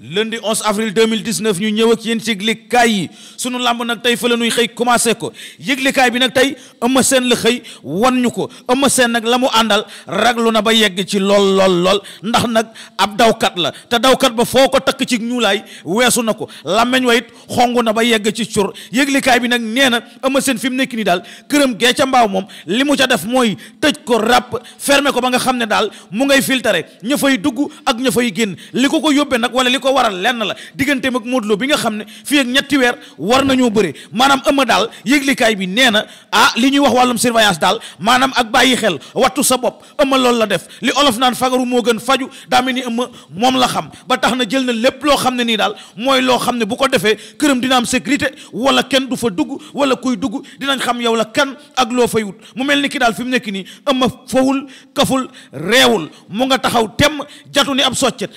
lundi 11 avril 2019 ñu ñëw ak yéen ci yëglekaay yi sunu làmb nag tey fa la nuy xëy commencé ko yëglekaay bi nag tey ama seen la xëy wan ñu ko Eumeu seen nag la mu àndal raglu na ba yegg ci lool lool lool ndax nag ab dawkat la te dawkat ba foo ko takk ci ñuulaay weesu na ko làmmeñ wa it xongu na ba yegg ci cur yëglekaay bi nag nee na Eumeu Sène fi mu nekk nii daal këram gee ca mbaaw moom li mu ca def mooy tëj ko ràpp fermer ko ba nga xam ne daal mu ngay filtrer ña fay dugg ak ña génn li ko ko yóbbee nag wala ko waral lenn la digganteem ak Modou Lo bi nga xam ne fii ak ñetti weer war nañoo bëre maanaam ëmma daal yëglikaay bi nee na ah li ñuy wax wàllum surveillance daal maanaam ak bàyyi xel wattu sa bopp ëmma loolu la def li olof naan fagaru moo gën faju daa mel ama moom la xam ba tax na jël na lépp loo xam ne nii daal mooy loo xam ne bu ko defee këram dina am sécurité wala kenn du fa dugg wala kuy dugg dinañ xam yow la kan ak loo fay wut mu mel ni kii daal fi mu nekk nii ëmma fawul kaful reewul mu nga taxaw temm jatu ni ab soccet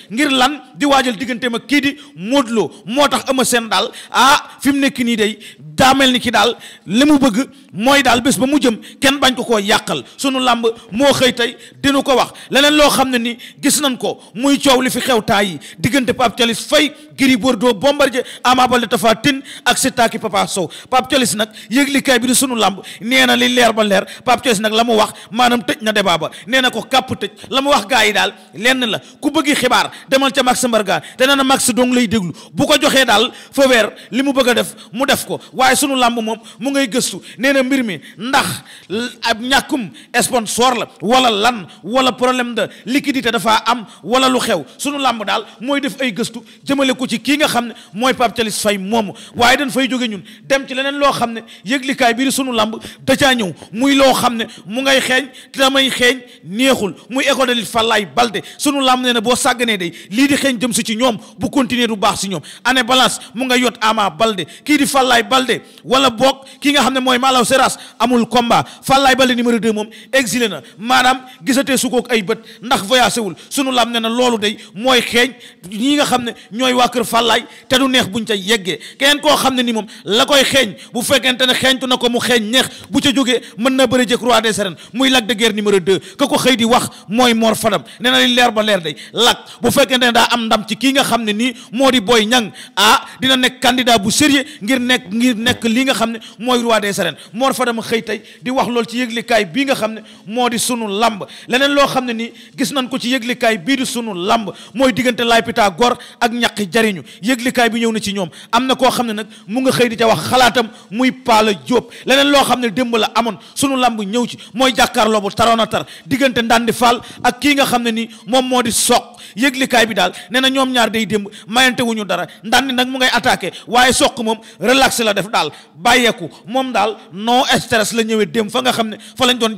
diggante ma kii moo tax Eumeu seen daal ah fi mu nekk nii day daa mel ni ki daal li mu bëgg mooy daal bés ba mu jëm kenn bañ ko koo yàqal sunu làmb moo xëy tey dinu ko wax leneen loo xam ne ni gis nañ ko muy coow li fi xew taay yi diggante Pape Thialis Faye Gris Bordeaux Bombardier Ama Baldé Tapha Tine ak Siteu ak Papa Sow Pape Thialis nag yëglikaay bi di sunu làmb nee na li leer ba leer Pape Thialis nag la mu wax maanaam tëj na débat ba nee na ko kàpp la mu wax gaa yi daal nee na max dong lay déglu bu ko joxee daal fa weer li mu bëgg a def mu def ko waaye sunu làmb moom mu ngay gëstu nee na mbir mi ndax ab ñàkkum sponsor la wala lan wala problème da liquidité dafa am wala lu xew sunu làmb daal mooy def ay gëstu jëmale ko ci kii nga xam ne mooy Pape Thialis Faye moomu waaye dañ fay jóge ñun dem ci leneen loo xam ne yëglikaay biir sunu làmb da caa ñëw muy loo xam ne mu ngay xeeñ damay xeeñ neexul muy école de lutte Falaye Balde sunu ñoom bu continuer du baax si ñoom année balance mu nga yot Ama Balde kii di Fallaye Balde wala boog ki nga xam ne mooy Malaw Seras amul combat Fallaye Balde numéro 2 moom exilé na maanaam gisatee su kook ay bët ndax voyagé wul sunu lam ne loolu day mooy xeeñ ñi nga xam ne ñooy waa kër Fallaye te du neex bu ñu ca yeggee keneen koo xam ne ni moom la koy xeeñ bu fekkente ne xeeñtu na ko mu xeeñ neex bu ca jógee mën na bëri jëkk roi des arènes muy Lac de Guiers numéro 2 ko xëy di wax mooy Mor Fadam nee na leer ba leer day nga xam ne nii moo di booy Niang ah dina nekk candidat bu sérieux ngir nekk ngir nekk li nga xam ne mooy roi des arènes moo fa dama xëy tey di wax loolu ci yëglikaay bii nga xam ne moo di sunu lamb leneen loo xam ne nii gis nañ ko ci yëglikaay bii di sunu lamb mooy diggante Laay Pythagore ak ñaqi jariñu yëglikaay bi ñëw na ci ñoom am na koo xam ne nag mu nga xëy di ca wax xalaatam muy Paala Jóob leneen loo xam ne démb la amoon sunu lamb ñëw ci mooy jàkkaarloo bu taroon tar diggante Ndandi Fall ak kii nga xam ne nii moom moo di soq yëglikaay bi daal nee ñoom ñaar day démb mayante wuñu dara ndandi nag mu ngay attaqué waaye soq moom relax la def daal bàyyeeku moom daal non stress la ñëwee démb fa nga xam ne fa lañ doon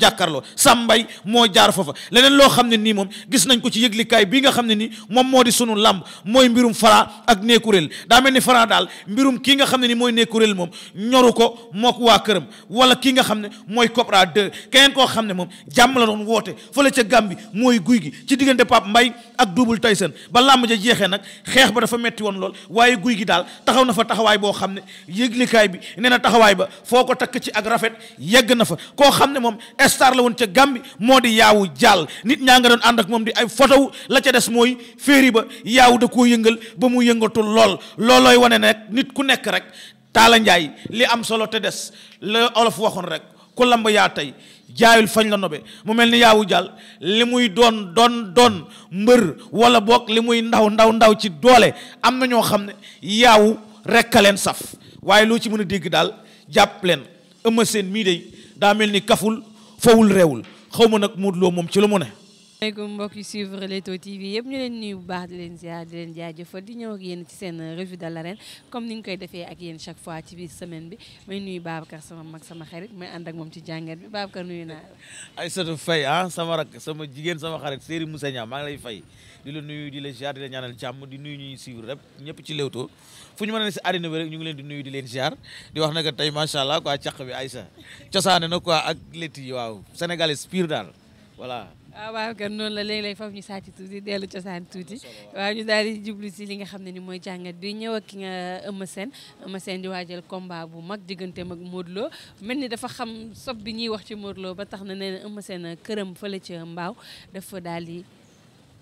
sam mbay moo jaar foofa leneen loo xam ne nii moom gis nañ ko ci yëglikaay bii nga xam ne nii moom moo di sunu làmb mooy mbirum fara ak neekuréel daa mel ni faraa daal mbirum kii nga xam ne ni mooy neekuréel moom ñoru ko mook waa këram wala kii nga xam ne mooy Cobra 2 keneen koo xam ne moom jàmm la doon woote fële ca Gàmbi mooy guy gi ci diggante Pape Mbaye ak Double Tyson ba làmb ja jeexee nag xeex ba dafa metti woon lool waaye guy gi daal taxaw na fa taxawaay boo xam ne yëglikaay bi nee na taxawaay ba foo ko takk ci ak rafet yegg na fa koo xam ne moom star la woon ca Gàmbi moo di yaawu jàll nit ñaa nga doon ànd ak moom di ay photo la ca des mooy féeri ba yaaw da koo yëngal ba mu yëngatu lool loolooy wane ne nit ku nekk rek Taala Njaay li am solo te des la olof waxoon rek ku lamb yaa tey jaayul fañ la nobe mu mel ni yaawu jàll li muy doon doon doon mbër wala boog li muy ndaw ndaw ndaw ci doole am na ñoo xam ne yaawu rekk a leen saf waaye loo ci mën a dégg daal jàpp leen ëmma seen mii day daa mel ni kaful fowul reewul xaw ma nag Modou Lo moom ci lu mu ne maaleykum mbokk yi suivre Leewtoo TV yëpp ñu leen nuyu bu baax di leen ziar di leen jaajëfal di ñëw ak yéen seen revue de l'arène comme ni ñu koy defee ak yéen chaque fois ci biir semaine bi may nuyu Babacar sama mag sama xarit ak moom ci jàngat bi Babacar nuyu naa la. Aïssatou Faye ah sama rak sama jigéen sama xarit Serigne Moussa Niang maa ngi lay fay di la nuyu di la ziar di la ñaanal jàmm di rek ñëpp ci Leewtoo fu ñu mën a ne si àddina bi rek ngi leen di nuyu di leen ziar di wax nag tey macha allah quoi càq bi Aïssa cosaane na quoi ak létt yi waaw sénégalais pire daal voilà waaw ah, waaw kon noonu la léeg-léeg foofu ñu sàcc tuuti dellu cosaan tuuti waaw ñu daal di jublu si li nga xam ne ni mooy jàngat bi ñëw ak ki nga Eumeu Sène Eumeu Sène di waajal combat bu mag digganteem mag Modou mel ni dafa xam sob bi ñuy wax ci Modou ba tax na nee na Eumeu Sène këram fële ca mbaaw dafa daal di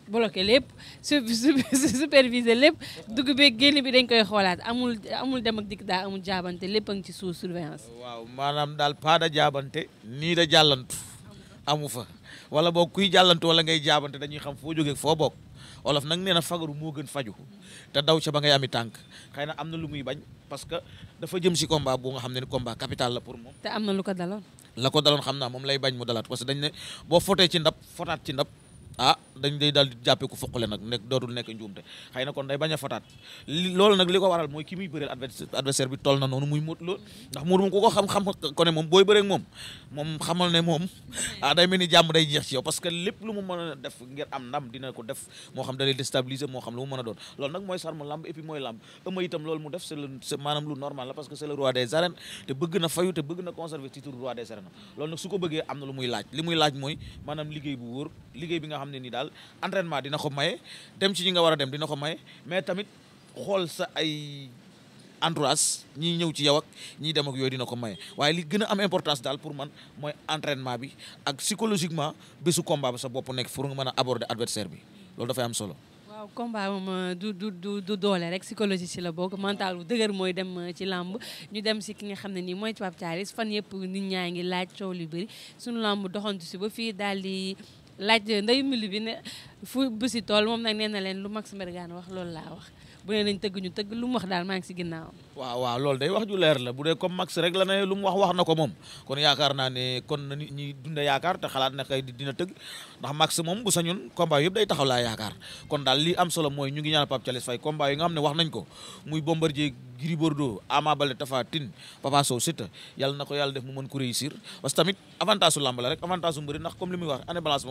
bloqué lépp supervisé lépp dugg beeg génn bi dañ koy xoolaat amul amul dem ak dikk daa amul jaabante lépp a ci sous surveillance. waaw maanaam daal pas jaabante. nii jàllantu amu fa. wala boog kuy jàllante wala ngay jaabante dañuy xam foo jógee foo bokk olof nag nee na fagaru moo gën faju te daw ca ba ngay ami tànk xëy na am na lu muy bañ parce que dafa jëm si combat bu nga xam ne ni combat capital la pour moom. te am na lu ko daloon. la ko daloon xam naa moom lay bañ mu dalaat parce que dañ ne boo fotee ci ndab fotaat ci ndab ah. dañ day daal di jàppee ku fuqale nag dootul nekk njuumte xëy na kon day bañ a fataat nag li ko waral mooy ki muy bëreel adversaire bi toll na noonu muy Modou Lo ndax ah, mu def moo xam da lay déstabiliser moo xam lu mu mën a doon loolu nag mooy sarmu lamb et puis mooy lamb ëma itam loolu mu def c'est le maanaam lu normal la parce que c'est le roi des arènes te nag su ko bëggee am na lu muy laaj li muy laaj mooy maanaam liggéey bu wóor liggéey bi Sénégal entraînement dina ko maye dem ci ñi nga war a dem dina ko maye mais tamit xool sa ay entourage ñi ñëw ci yow ak ñiy dem ak yooyu dina ko maye waaye li gën am importance daal pour man mooy entraînement bi ak psychologiquement bésu combat bi sa bopp nekk pour nga mën a aborder adversaire bi loolu dafay am solo. waaw combat moom euh, du doole rek psychologie ci la bokk mental bu dëgër mooy dem euh, ci làmb ñu dem si ki nga xam ne nii mooy Pape Thialis fan yëpp nit ñaa ngi laaj coow lu bëri laaj ndey mili bi ne fu bési tool moom nag nee na leen lu mag Max Mbergane wax loolu laa wax bu ne nañ tëgg ñu tëgg lu wax daal maa waaw waaw day wax ju leer la bu dee comme max rek la ne lu wax wax na ko moom kon yaakaar naa ne kon na ñi dunde yaakaar te xalaat na kay dina tëgg ndax max moom bu sañun combat yëpp day taxaw laa yaakaar kon daal li am solo mooy ñu ngi ñaan Pape Thialis Faye combat yi nga xam ne wax nañ ko muy Bombardier Gris Bordeaux Ama Baldé Papa Sow Siteu yàlla na ko yàlla def mu mën ko réussir parce tamit la rek avantage su mbëri ndax comme li muy wax année balance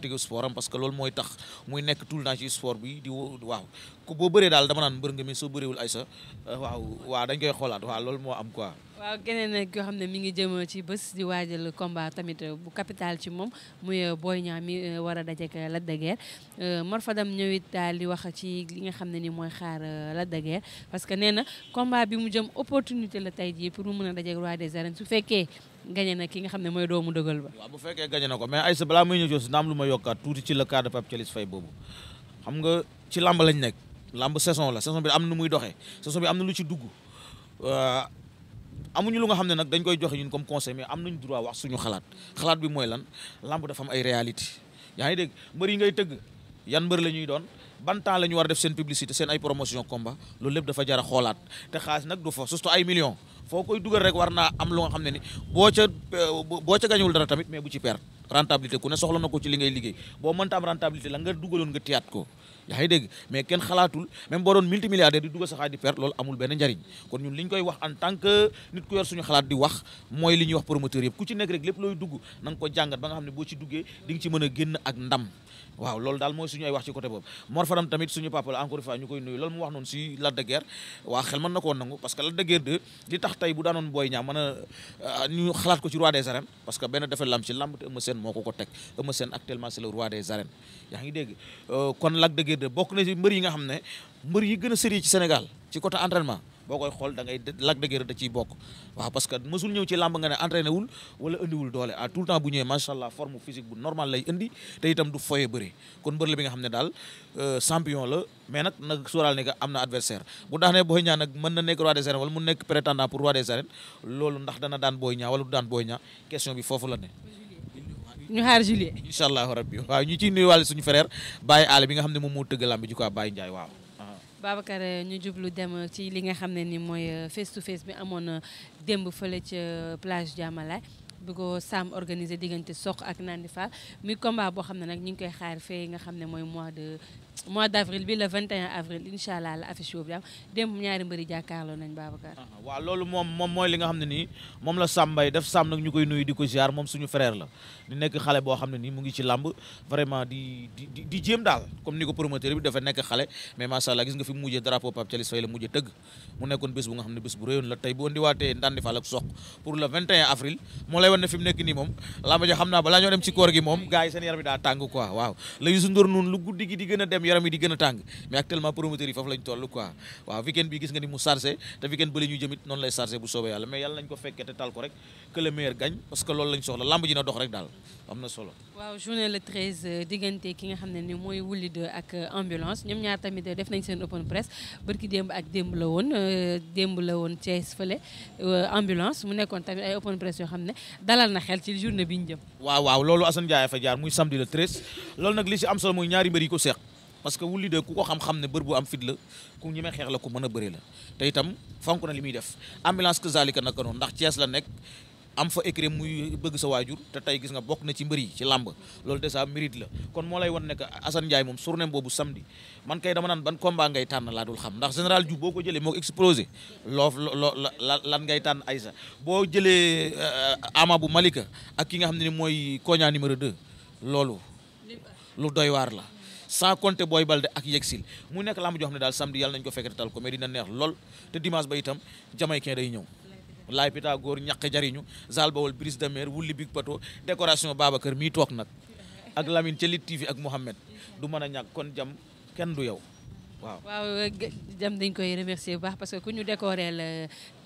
pratiquer sport am parce que loolu mooy tax muy nekk tout le temps ci sport bi di waaw ku boo bëree daal dama naan mbër nga mais soo bëreewul ay sa euh, waaw waa dañ koy xoolaat waaw loolu moo am quoi waaw keneen nag yoo xam ne mi ngi jëm ci bés di waajal combat tamit bu capital ci moom muy euh, booy Niang mi euh, war a dajeek euh, Lac de Guiers fa dem ñëw it daal di wax ci li nga xam ne ni mooy xaar Lac de Guiers parce que nee na combat bi mu jëm opportunité la tey jii pour mu mën a dajeek roi des arènes su fekkee gañe ki nga xam ne mooy doomu dëgal ba. waaw bu fekkee gañe na ko mais ay sa balaa muy ñëw si naam lu ma yokkaat tuuti ci le cas de Pape Thialis Faye boobu xam nga ci làmb lañ nekk làmb saison la saison bi am na nu muy doxe saison bi am na lu ci dugg. amuñu lu nga xam ne nag dañ koy joxe ñun comme conseil mais am nañ droit wax suñu xalaat xalaat bi mooy lan lamb dafa am ay réalité yaa ngi dégg mbër yi ngay tëgg yan mbër la ñuy doon ban temps la ñu war a def seen publicité seen ay promotion combat loolu lépp dafa jara xoolaat te xaalis nag du fa surtout ay million foo koy dugal rek war naa am lu nga xam ne ni boo ca euh, boo ca gañuwul dara tamit mais bu ci perte rentabilité ku ne soxla na ko ci li ngay liggéey boo mënta am rentabilité la nga dugaloon nga tiyaat ko yaa ngi dégg mais kenn xalaatul même boo doon multimilliardaire di dugal sa xaalis di perte loolu amul benn njariñ kon ñun li koy wax en tant que nit ku yor suñu xalaat di wax mooy li ñuy wax promoteur yëpp ku ci nekk rek lépp looy dugg na ko jàngat ba nga xam ne boo ci duggee di nga ci mën a génn ak ndam waaw loolu daal mooy suñu ay wax ci côté boobu Mor Fadam tamit suñu papa la encore une a ñu koy nuyu loolu mu wax noonu si Lac de waa xel mën na koo nangu parce que Lac de Guiers li tax tey bu daanoon Boy Niang mën a ah, ñu xalaat ko ci roi des arènes parce que benn defet lam ci lamb te Eumeu Sène moo ko ko teg Eumeu Sène actuellement c'est le roi des arènes yaa ngi dégg euh, kon Lac de Guiers bokk na ci mbër yi nga xam ne mbër yi gën a sérieux ci Sénégal ci côté entraînement boo koy xool da ngay Lac de Guiers da ciy bokk waaw parce que mësul ñëw ci làmb nga ne entraîné wul wala indiwul doole à ah, tout le temps bu ñëwee macha allah forme physique bu normal lay indi te itam du foye bëri kon mbër bi nga xam ne daal euh, champion la mais nag nag sóoraal ne am na adversaire bu tax ne Boy Niang nag mën na nekk roi des arènes wala mu nekk prétendant pour roi des arènes loolu ndax dana daan Boy Niang wala du daan Boy Niang question bi foofu la ne ñu xaar juillet incha allahu rabbi waaw ñu ciy nuyuwaale suñu frère Baye moom moo tëgg làmb Babacar euh, ñu jublu dem ci li nga xam ne ni mooy euh, face to face bi amoon euh, démb fële ca plage Diamalaye bi ko Sam organisé diggante Sokh ak Nandi Fall muy combat boo xam ne nag ñu ngi koy xaar fee nga xam ne mooy mois de mois d' avril bi la affiche boobu daal démb ñaari mbëri jàkkaarloo nañ Babacar. Ah, ah, waaw la Sam Mbaye def Sam nag ñu koy nuyu di ko ziar moom suñu la boo xam ne nii mu ngi ci làmb vraiment di di ni ko promoteur bi dafa allah la mujjee tëgg bu la tey bu avril moo lay lay wan ne nekk nii moom làmb xam naa balaa ñoo dem ci koor gi moom gars yi seen yaram yi daa tàng quoi waaw la Youssou Ndour lu guddi gi di gën a dem yaram yi di gën tàng mais actuellement promoteurs yi foofu lañ toll quoi waaw weekend bi gis nga ni mu chargé te weekend bële ñu jëmit noonu lay chargé bu soobee yàlla mais yàlla nañ ko fekkee te tal rek que le meilleur parce que loolu lañ soxla làmb na dox rek daal am na solo. waaw journée le euh, 13 diggante ki nga xam ne ni mooy Wouly 2 ak euh, ambulance ñoom ñaar tamit euh, def nañ seen open press barki démb ak démb la woon démb la woon Thiès fële ambulance mu nekkoon tamit ay open press yoo xam ne dalal na xel ci journée bi ñu jëm. waaw waaw loolu Assane Ndiaye fa jaar muy samedi le 13 loolu nag li si am solo mooy ñaari mbër yi ko seq parce que Wouly 2 ku ko xam-xam ne bër bu am fit la ku ñemee xeex la ku mën a bëri la itam fonk na li muy def ambulance que zalika naka noonu ndax Thiès la nekk. am fa écrit muy bëgg sa waajur te tey gis nga bokk na ci mbër yi ci làmb loolu déjà mérite la kon moo lay wan ne que Assane moom journée boobu samedi man kay dama naan ban combat ngay tànn laa xam ndax général Diouf boo ko jëlee moo ko explosé loof loo lan ngay tànn Aïssa boo jëlee euh, ama bu Malika ak ki nga xam ne mooy koña numéro 2 loolu lu doy waar la sans compter Boy Balde ak Yeksil mu nekk làmb joo xam ne daal samedi yàlla nañ ko fekk tal ko mais dina neex lool te dimanche ba itam jamaïcain day ñëw laay Pythagore ñaq jariñu zal bawol brise de mer wulli big pato décoration Babacar mii toog nag ak Lamine ca TV ak Mouhamed du mën a ñàkk kon jam kenn du yow waaw. waaw jam dañ koy remercier bu baax parce que ku ñu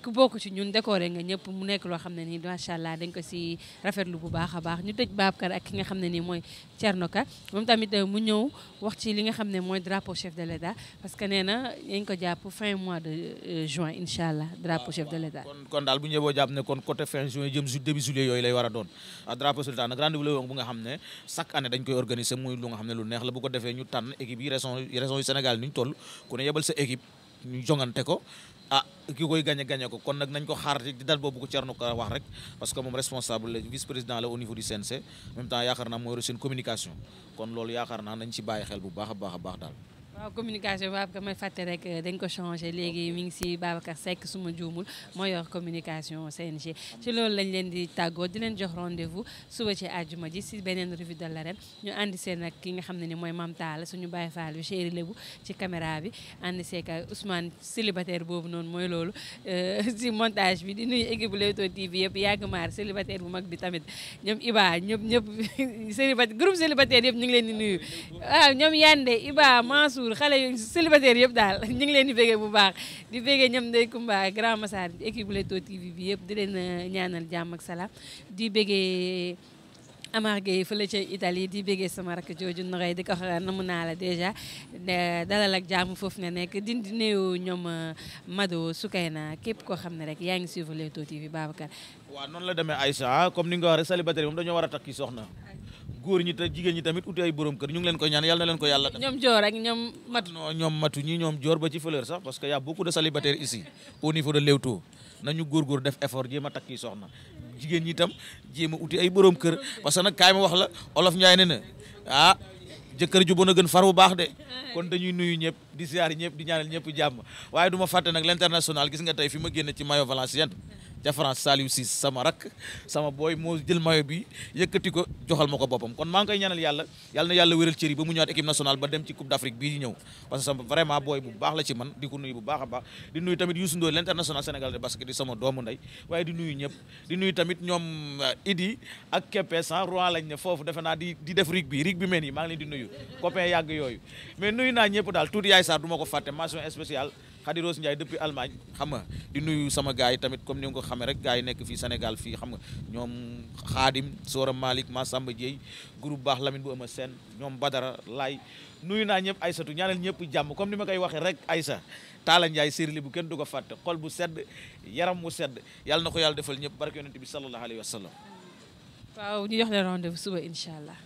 ku bokk ci ñun décoré nga ñëpp nekk loo xam ne nii macha allah dañ ko si rafetlu baax a baax ñu tëj ki nga xam ne nii mooy Thierno Ka moom tamit euh, mu ñëw wax ci li na dañ ko jàpp fin mois de euh, juin ah, kon daal bu ñëwee boo jàpp ne kon côté fin juin jëm su début yooyu lay war a doon ah, drapeau chef de l'état nag rendez-vous la woon bu nga xam ne chaque année dañ koy organiser muy lu nga xam ne lu neex la bu ko defee ñu tànn équipe yi région région Sénégal ni toll ku ne yebal sa équipe ñu jongante ko ah ki koy gagné gagné ko kon nag nañ ko xaar dal boobu ko Thierno Ka wax rek parce que moom responsable la vice président la au niveau du CNC en temps yaakaar naa mooy seen communication kon loolu yaakaar naa nañ ci bàyyi xel bu baax a baax a baax daal waaw communication Babacar may fàtte rek euh, léegi mi ngi si Babacar Seck su ma juumul moo yor communication CNG ci loolu lañ leen di tàggoo di leen jox rendez-vous suba ci àjjuma ji si beneen revue de l'arène ñu àndi seen ak ki nga xam ne ni mooy Mame Talla suñu Baye Fall bi chéri lébu ci caméra bi àndi seek ak Ousmane célibataire boobu noonu mooy lool loolu euh, si montage bi di nuyu équipe Leewtoo TV yëpp yàgg maar célibataire bu mag bi tamit ñoom Iba ñëpp ñëpp célibataire groupe célibataire yëpp ñu ngi leen di nuyu waaw Iba Mansour retour xale yu célibataire yëpp daal ñu ngi leen di béggee bu baax di béggee ñoom Ndeye Kumba Grand Massar équipe Leewtoo TV bi yëpp di leen euh, ñaanal jàmm ak salaam di béggee Amar Gueye fële ca Italie di béggee sama rakk jooju Noray di ko wax namu naa la dèjà dalal ak jàmm foofu nga nekk di di ñoom euh, Mado Soukayna képp koo xam ne rek yaa ngi suivre Leewtoo TV Babacar. waaw noonu la demee Aïcha comme ni nga ko waxee rek célibataire moom dañoo war a takki soxna. góor ñi te jigéen ñi tamit uti ay borom kër ñu ngi leen koy ñaan yàlla leen ko yàlla def ñoom joor ak ñoom matu non ñoom matu ñi ñoom joor ba ci fleur sax parce que y a beaucoup de célibataires ici au niveau de Leewtoo nañu góorgóor def effort jéem a takki soxna jigéen ñi itam jéem a uti ay borom kër parce que nag kaay ma wax la olof Njaay ne na ah jëkkër ju bon a gën far bu baax de kon dañuy nuyu ñëpp di siyaar ñëpp di ñaanal ñëpp jàmm waaye du ma fàtte nag l'international gis nga tey fi ma génn ci maillot Valenciennes ca France Saliou Ciss sama rak sama booy moo jël mayo bi yëkkati ko joxal ma ko boppam kon maa ngi koy ñaanal yàlla yàlla yàlla wéral cër ba mu ñëwaat équipe nationale ba dem ci Coupe d'Afrique bii di ñëw parce que sama vraiment booy bu baax la ci man di ko nuyu bu baax a baax di nuyu tamit Youssou Ndoye l'international sénégalais de basket sama doomu ndey waaye di nuyu ñëpp di nuyu tamit ñoom euh, Idi ak Keppe sans roi lañ ne foofu defe naa di di def rig bi rig maa ngi leen di nuyu yooyu mais nuyu naa ñëpp daal tuuti yaay saar ko fàtte mention spéciale Khady Rose Ndiaye depuis Allemagne xam nga di nuyu sama gars yi tamit comme ni nga ko xamee rek gars yi nekk fii Sénégal fii xam nga ñoom Khadim Sora Malick Massamba Dieye groupe baax Lamine bu ama seen ñoom Badara Laay nuyu naa ñëpp Aysatu ñaanal ñëpp jàmm comme ni ma koy waxee rek Aysa Taala Ndiaye sérili bu kenn du ko fàtte xol bu sedd yaram mu sedd yal na ko yàlla defal ñëpp barke yonent bi sallallahu alayhi wa sallam waaw ñu jox leen rendez-vous suba incha allah